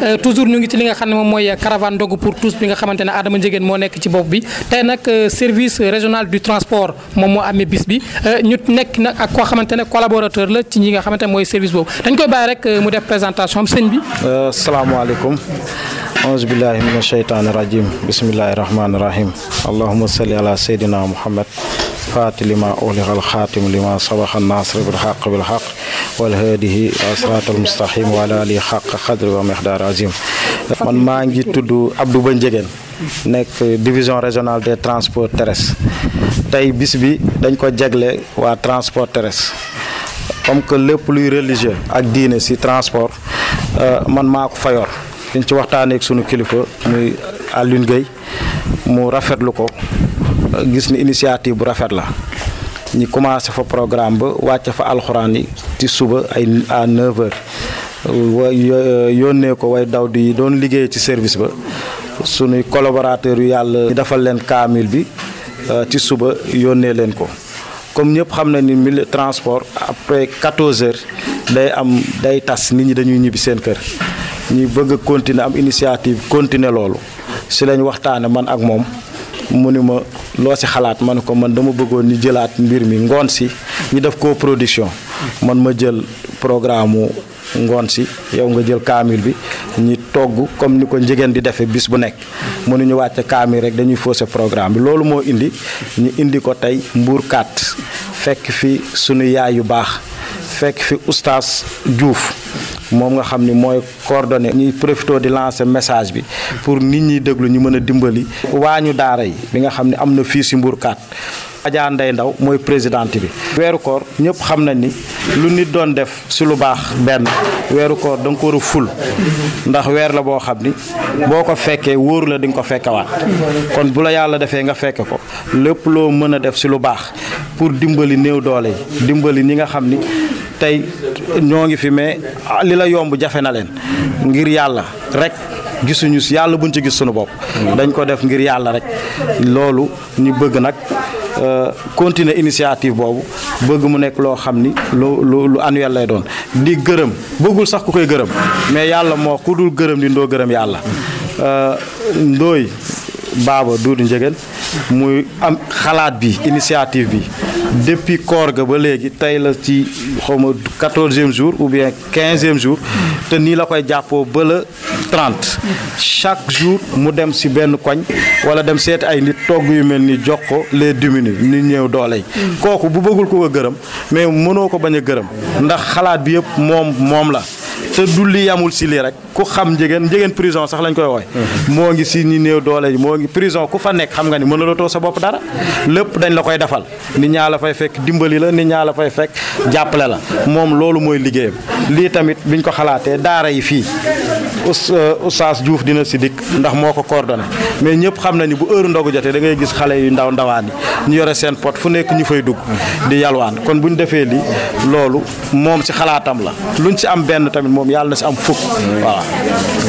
Euh, toujours ñu ngi ci li nga xam ne moom mooy caravane ndogu pour tous bi nga xamante ne Adama Ndiéguène moo nekk ci bopp bi tey nag euh, service régional du transport moom moo amee bis bi euh, ñu nekk nag ak koo xamante ne collaborateur la ci ñi nga xamante ne mooy service boobu dañ koy bàyyi rek mu def présentation am sëñ bi. salaamaaleykum. auzu billahi mina shaytaani rajim bismillahi rahmaani rahim allahumma salli ala sayyidina muhammad فات لما أولغ الخاتم لما صبح الناصر بالحق بالحق والهاده أسرات المستحيم ولا لي حق خدر ومحدار عظيم من ما تدو عبدو بنجيجن نك ديفيزيون ريجونال دي ترانسبورت ترس تاي بس بي دنكو جاغلي وا ترانسبورت ترس كم كو لب لوي ريليجيو اك دين سي ترانسبورت من ماكو فايور دنج سي واختان اك سونو كليفو مي الون غي مو رافيت لوكو gis ni initiative bu rafet la ñi commencé fa programme ba wàcce fa alxuraan yi ci suba ay à 9 heures wa yónnee ko way daw di doon liggéey ci service ba sunuy collaborateurs yu yàlla. defal leen kaamil bi euh, ci suba yónnee leen ko comme ñëpp xam na ni mille transport après 14 heures day am day tas nit ñi dañuy ñibbi seen kër ñu bëgg a am initiative continuer loolu si lañ waxtaane man ak moom. mu ni ma loo si xalaat ma ne ko man dama bëggoon ñu jëlaat mbir mi ngoon si ñu def ko production man ma jël programme mu ngoon si yow nga jël kaamil bi ñi togg comme ni ko njigéen di defee bis bu nekk mënuñu wàcce kaamil rek dañuy faussé programme bi loolu moo indi ñu indi ko tey mbuur kaat fekk fi sunu yaay yu baax fekk fi oustaz Diouf mom nga xamni ni coordonner ñi profito di lancer message bi pour nit ñi deglu ñu mëna dimbali wañu daara yi bi nga xamni amna fi ci fii kat aja nday Ndaw moy bi wéru koor ñepp xam nañ ni lu nit doon def ci lu baax ben wéru koor dang ko ru ful ndax wér la bo xamni boko la ding ko kon bu la yàlla nga fekke ko lepp lo def ci lu baax pour dimbali new doole dimbali ñi nga xamni tay ñoo ngi fi mais li la yomb jafe na leen ngir yàlla rek gisuñu si yàlla buñ ci gis suñu bopp dañ ko def ngir yàlla rek loolu ñu bëgg nag euh, continuer initiative boobu bëgg mu nekk loo xam ni lu lu doon di gërëm bëggul sax ku koy gërëm mais yàlla moo ku dul gërëm di ndoo gërëm yàlla euh, ndooy baaba duudu njëgeen muy am xalaat bi initiative bi depuis koor ga ba léegi tey la ci xaw ma quatorzième jour ou bien quinzième jours te nii la koy jàppoo ba la trente chaque jour mu dem si benn koñ wala dem seeti ay nit togg yu mel ni jox ko les diminuer nit ñëw doole yi kooku bu bëggul ko ko gërëm mais mënoo ko bañ a gërëm ndax xalaat bi yëpp moom moom la sa dulli yamul si li rek ku xam jigen jigen prison sax lañ koy woy mo ngi si ni new doole mo ngi prison ku fa nek xam nga ni to sa bop dara lepp dañ la koy defal ni ñaa la fay fek dimbali la ni ñaa la fay fek jappale la mom lolu moy li tamit biñ ko xalaté daara yi fi euh, oustaz diouf dina sidik ndax moko mais ñepp xam na bu heure ndogu jotté da ngay gis xalé yu ndaw ndawani ñu yoré sen pot fu nek ñu fay dug di yalwaan kon buñ défé li lolu mom si xalaatam la luñ ci am ben tamit mom am voilà.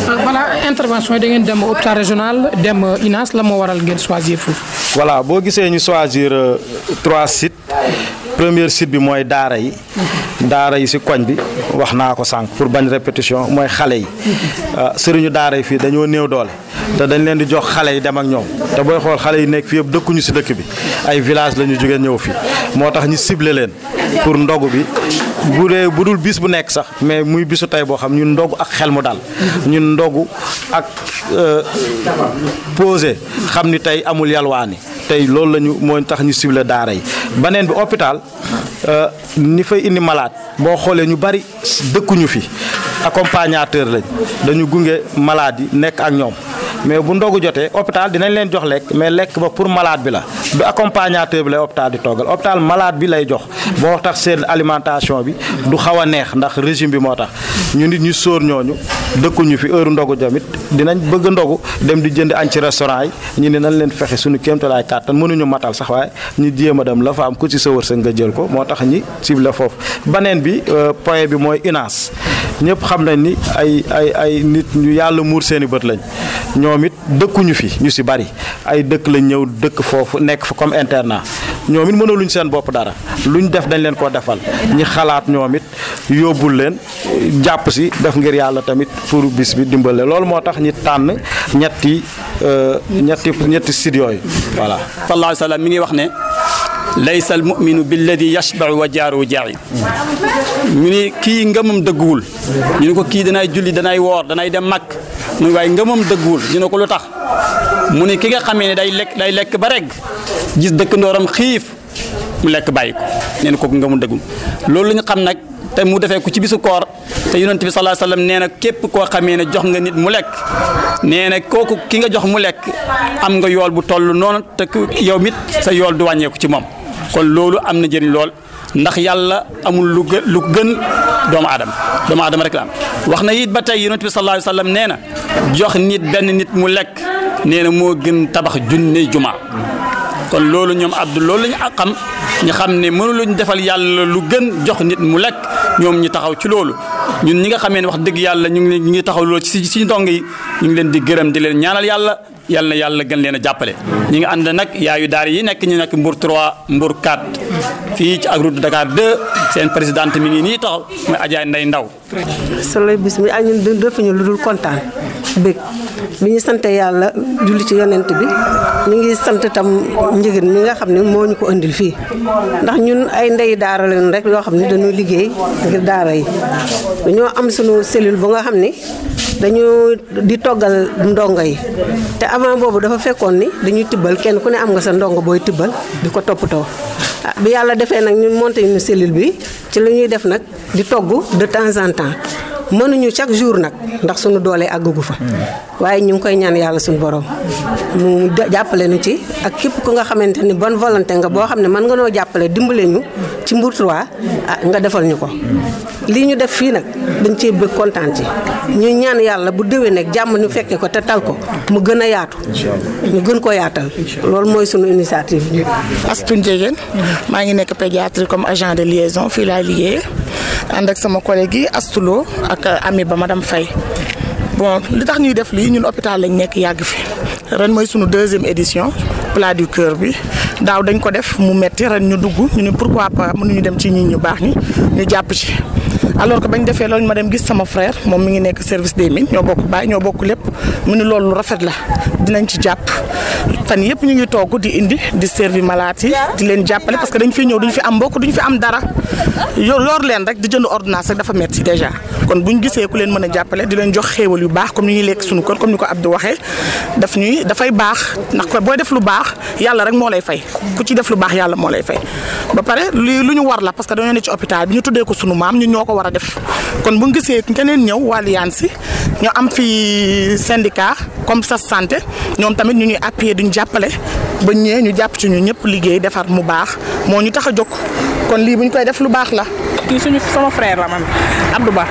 voilà intervention da ngeen dem hôpital régional dem INAS la mo waral ngeen choisir fou. voilà bo gisé ñu choisir euh, trois sites premier site bi mois Daara yi. daara yi si koñ bi wax naa ko sànq pour bañ répétition mooy xale yi mm-hmm. euh, sëriñu daara yi fii dañoo néew doole te dañ leen di jox xale yi dem ak ñoom te booy xool xale yi nekk fii yëpp dëkkuñu si dëkk bi ay village la ñu jóge ñëw fii moo tax ñu ciblé leen pour ndogu bi bu dee bu dul bis bu nekk sax mais muy bisu tey boo xam ñun ndogu ak xel mu dal mm-hmm. ñun ndogu ak euh, posé xam ni tey amul yalwaani tey loolu lañu moo tax ñu sible daara yi beneen bi hôpital Euh, ni fa indi malade boo xoolee ñu bari dëkkuñu fi accompagnateur lañ dañu gunge malade yi nekk ak ñoom mais bu ndogu jotee hôpital dinañ leen jox lekk mais lekk ba pour malade bi la du accompagnateur bi lay hôpital di toggal hôpital malade bi lay jox boo tax seen alimentation bi du xaw a neex ndax régime bi moo tax ñu nit ñu sóor ñooñu dekkuñu fi heure ndogu jamit dinañ bëgg ndogu dem di jënd añ restaurant yi ñi ni nañ leen fexé suñu kéemtalaay mënu ñu matal sax way ñi jéem dem la fa am ku ci sa wërse nga jël ko moo tax ñi cible foofu banen bi euh, point bi moy inas ñepp xam nañ ni ay ay ay nit ñu yalla mur seeni bëtt lañ ñoom dekkuñu fi ñu ci bari ay dekk la ñew dekk fofu nekk fa comme internat ñoom mënaluñ seen bop dara luñ def dañ leen ko defal ñi xalaat ñoom yobul leen japp ci def ngir yalla tamit pour bis bi dimbale loolu moo tax ñi tànn ñetti euh, ñetti ñetti sit yooyu voilà sallallahu alayhi wa sallam mi ngi wax ne laysa al muminu billadi yashbau wa jaaru jaari ñu ni kii ngëmam dëgguwul ñu ni ko kii danay julli danay woor danay dem mag mu ni waaye ngëmam dëgguwul ñu ne ko lu tax mu ni ki nga xamee ne day lekk day lekk ba reg gis dëkkandooram xiif mu lekk bàyyi ko nee na kooku ngëmam dëggul loolu la xam nag te mu defee ko ci bisu koor te yonent bi sallallahu alayhi wasallam nee na képp koo xamee ne jox nga nit mu lekk nee na kooku ki nga jox mu lekk am nga yool bu toll noonu te yow mit sa yool du wàññeeku ci moom kon loolu am na jëriñ lool ndax yàlla amul lu gë lu gën doomu aadama doomu aadama rek la am wax na it ba tey yonent bi sallallahu alayhi wasallam nee na jox nit benn nit mu lekk nee na moo gën tabax junne jumaa kon loolu ñoom abdu loolu ak xam ñu xam ne mënu luñ defal yàlla lu gën jox nit mu lekk ñoom ñu taxaw ci loolu ñun ñi nga xamee ne wax dëgg yàlla ñu ngi ñu ngi taxaw loolu ci suñu dong yi ñu ngi leen di gërëm di leen ñaanal yàlla yalla yalla gën leena jappalé ñi nga and nak yaayu daar yi nek ñu nak Mbour 3 Mbour 4 fi ci ak route Dakar 2 seen présidente mi ngi ni taxaw mu adjay nday Ndaw solo bis mi ay ñu def ñu luddul contant be mi ngi sante yalla julli ci yonent bi mi ngi sant tam njëgin mi nga xam ne ñu ko andil fi ndax ñun ay ndey daara leen rek yo xam dañu liggéey ngir daara yi dañoo am suñu cellule bu nga xam dañu di togal ndongay yi te avant boobu dafa fekkoon ni dañuy tibbal kenn ku ne am nga sa ndongo booy tibbal di ko toppatoo ah bi yàlla defee nag ñu monté ñu cellule bi ci la ñuy def nag di togg de temps en temps mënuñu chaque jour nag ndax suñu doolee àggagu fa waaye ñu ngi koy ñaan yàlla suñu borom mu jàppale nu ci ak képp ku nga xamante ni bonne volonté nga boo xam ne mën nga noo jàppale dimbale ñu ci Mbour 3 ah, nga defal ñu ko lii ñu def fii nag dañ cee bëgg kontaan ci ñu ñaan yàlla bu déwee nag jàmm ñu fekkee ko te tal ko mu gën a yaatu ñu gën ko yaatal loolu mooy sunu initiative bi Astou maa ngi nekk pédiatrie comme agent de liaison fii laay liggéey ànd ak sama collègue yi Astulo ak euh, ami ba ma dem Faye bon li tax ñuy def lii ñun hôpital lañ nekk yàgg fi ren mooy sunu deuxième édition plat du cœur bi daaw dañ ko def mu metti ren ñu dugg ñu ne pourquoi pas ñu dem ci ñi ñu baax ñi ñu jàpp ci. alors que bañ defee loolu ma dem gis sama frère moom mi ngi nekk service des mines ñoo bokk baay ñoo bokk lépp mu ne loolu lu rafet la dinañ ci jàpp. fan yëpp ñu ngi togg di indi di servi malade yi di leen jàppale parce que dañ fi ñëw duñ fi am mbokk duñ fi am dara yow loor leen rek di jënd ordonnance rek dafa metti déjà kon buñ gisee ku leen mën a jàppale di leen jox xéewal yu baax comme ni ñuy lekk suñu kër comme ni ko Abdou waxee daf ñuy dafay baax ndax ko booy def lu baax yàlla rek moo lay fay ku ci def lu baax yàlla moo lay fay ba pare li lu ñu war la parce que dañoo ne ci hôpital bi ñu tuddee ko sunu maam ñu ñoo ko war a ñee duñ jàppale ba ñee ñu jàpp ci ñu ñëpp liggéey defar mu baax moo ñu tax a jóg kon lii bu ñu koy def lu baax la. kii suñu sama frère la man Abdou Ba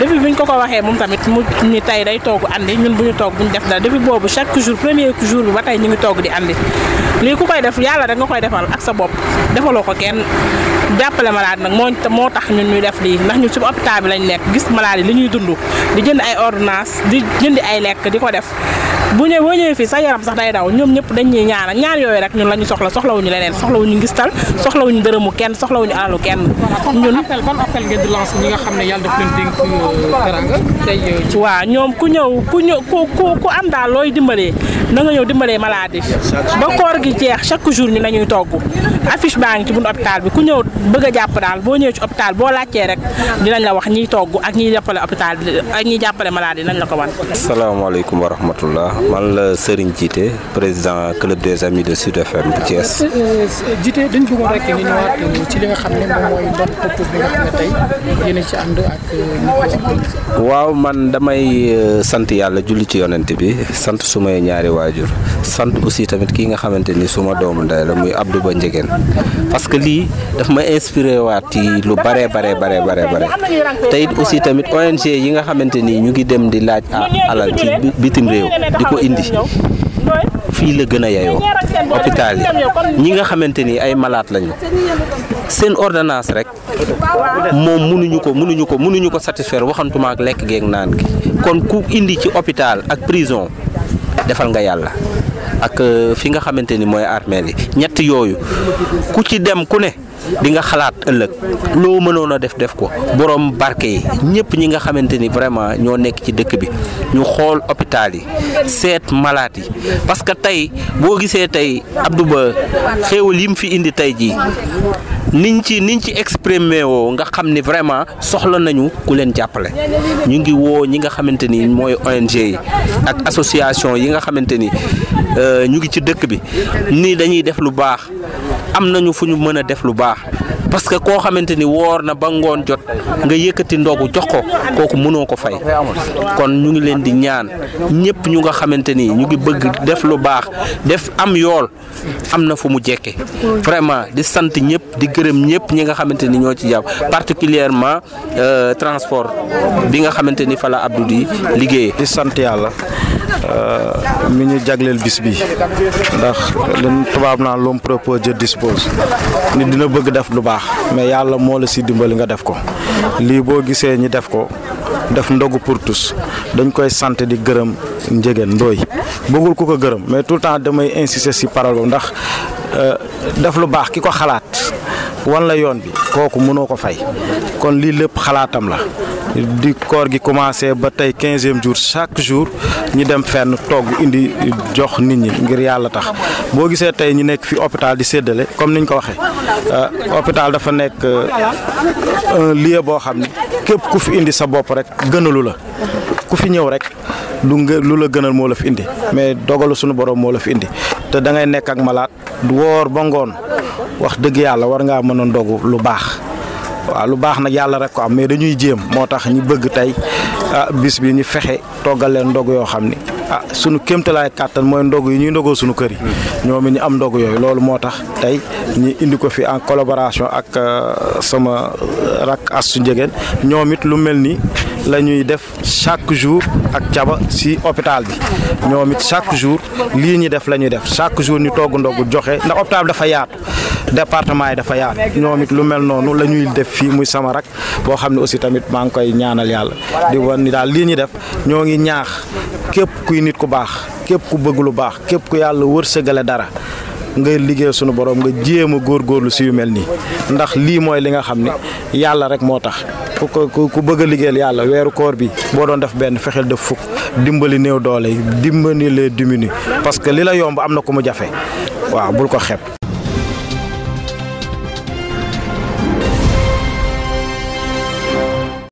depuis bu ñu ko ko waxee moom tamit mu ni tey day togg andi ñun bu ñu toog bu ñu def dara depuis boobu chaque jour premier jour bi ba tey ñu ngi togg di andi lii ku koy def yàlla rek nga koy defal ak sa bopp defaloo ko kenn jàppale malade nag moo moo tax ñun ñuy def lii ndax ñun ci hôpital bi lañ nekk gis malade yi li ñuy dund di jënd ay ordonnance di jënd ay lekk di ko def. bu ñëw boo ñëwee fii sa yaram sax day daw ñom ñëpp dañ ñi ñaan ñaar yoy rek ñun lañu soxla soxla wuñu leneen soxla wuñu ngistal soxla wuñu dërëmu kenn soxla wuñu alalu kenn ñun appel ban appel ngeen di lancer ñi nga xam yalla daf leen dénk euh, teranga tey euh, waa ñoom ku ñëw ku ñëw ku ku ku am da loy dimbalé na nga ñëw dimbalé malade ba koor gi jeex chaque jour ñu nañuy togg affiche baa ci buñu hôpital bi ku ñëw bëgg japp dal bo boo ci hôpital bo laccé rek dinañ la wax ñi togg ak ñi jappalé hôpital ak ñi jappalé malade nañ la ko wan assalamu alaykum wa rahmatullah man la Serigne Djité président club des amis de Sud FM bu Thiès. Euh, euh, euh, ci li xam ci ànd waaw man damay sant yàlla julli ci yonent bi sant sumay ñaari waajur sant aussi tamit kii nga xamante ni suma doomu ndey la muy Abdou Ba njegeen parce que lii daf ma inspiré waat ci lu bare bare bare bare bare te it aussi tamit ONG yi nga xamante ni ñu ngi dem di laaj ah, alal ci bitim réew. ko indi fii la gën a yeyoo hôpital yi ñi nga xamante ni ay malaat lañu seen ordonnance rek moom mënuñu ko mënuñu ko mënuñu ko satisfaire waxantuma ak lekk geeg naan gi kon ku indi ci hôpital ak prison defal nga yàlla ak euh, fi nga xamante ni mooy armeel yi ñett yooyu ku ci dem ku ne di nga xalaat ëllëg loo mënoon a def def ko borom barke yi ñëpp ñi nga xamante ni vraiment ñoo nekk ci dëkk bi ñu xool hôpital yi seet malaat yi parce que tey boo gisee tey Abdou Ba xéewal yi mu fi indi tey jii niñ ci niñ ci exprimer woo nga xam ni vraiment soxla nañu ku leen jàppale ñu ngi woo ñi nga xamante ni mooy ONG yi ak association yi nga xamante ni euh, ñu ngi ci dëkk bi nii dañuy def lu baax am nañu fu ñu mën a def lu baax parce que koo xamante ni woor na ba ngoon jot nga yëkkati ndogu jox ko kooku mënoo ko fay kon ñu ngi leen di ñaan ñëpp ñu nga xamante ni ñu ngi bëgg def lu baax def am yool am na fu mu jekke vraiment di sant ñëpp di gërëm ñëpp ñi nga xamante ni ñoo ci jàpp particulièrement euh, transport bi nga xamante ni fa la Abdou di liggéeyee. yàlla. mu ñu jagleel bis bi ndax lan tubaab naa l'homme propose Dieu dispose nit dina bëgg def lu baax mais yàlla moo la si dimbali nga def ko lii boo gisee ñi def ko def ndogu pour tous dañ koy sant di gërëm njëgeen ndooy bëggul ku ko gërëm mais tout le temps damay insister si parole ndax euh, def lu baax ki ko xalaat wan la yoon bi kooku mënoo ko fay kon lii lépp xalaatam la di koor gi commencé ba tey quinzième jour chaque jour ñu dem fenn togg indi jox nit ñi ngir yàlla tax boo gisee tey ñu nekk fi hôpital di séddale comme ñu ko waxee euh, hôpital dafa nekk euh, un lieu boo xam ne képp ku fi indi sa bopp rek gënalu la ku fi ñëw rek du lu la gënal moo la fi indi mais dogalu sunu borom moo la fi indi te da ngay nekk ak malaat woor ba ngoon wax dëgg yàlla war ngaa mën a ndogu lu baax waaw lu baax nag yàlla rek ko am mais dañuy jéem moo tax ñu bëgg tey a ah, bis bi ñu fexe toggal leen ndog yoo xam ni ah sunu kéemtalaay kàttan mooy ndog yi ñuy ndogoo sunu kër yi hmm. ñoom ñu am ndog yooyu loolu moo tax tey ñu indi ko fi en collaboration ak ah, sama ah, rak as su njegeen ñoom lu mel nii la ñuy def chaque jour ak caba si hôpital bi ñoom it chaque jour lii ñuy def la ñuy def chaque jour ñu togg ndogu joxe ndax hôpital dafa yaat département yi dafa yaatu ñoom it lu mel noonu la ñuy def fii muy sama rak boo xam ne aussi tamit maa ngi koy ñaanal yàlla di daal lii ñuy def ñoo ngi ñaax képp kuy nit ku baax képp ku bëgg lu baax képp ku yàlla wërsëgale dara nga liggéey sunu borom nga jéem a góorlu si yu mel nii ndax lii mooy li nga xam ne yàlla rek moo tax ku ko ku bëgg a liggéeyal yàlla weeru koor bi boo doon def benn fexeel def fukk dimbali néew doole yi dimbali les diminuer parce que li la yomb am na ku mu jafe waaw bul ko xeeb.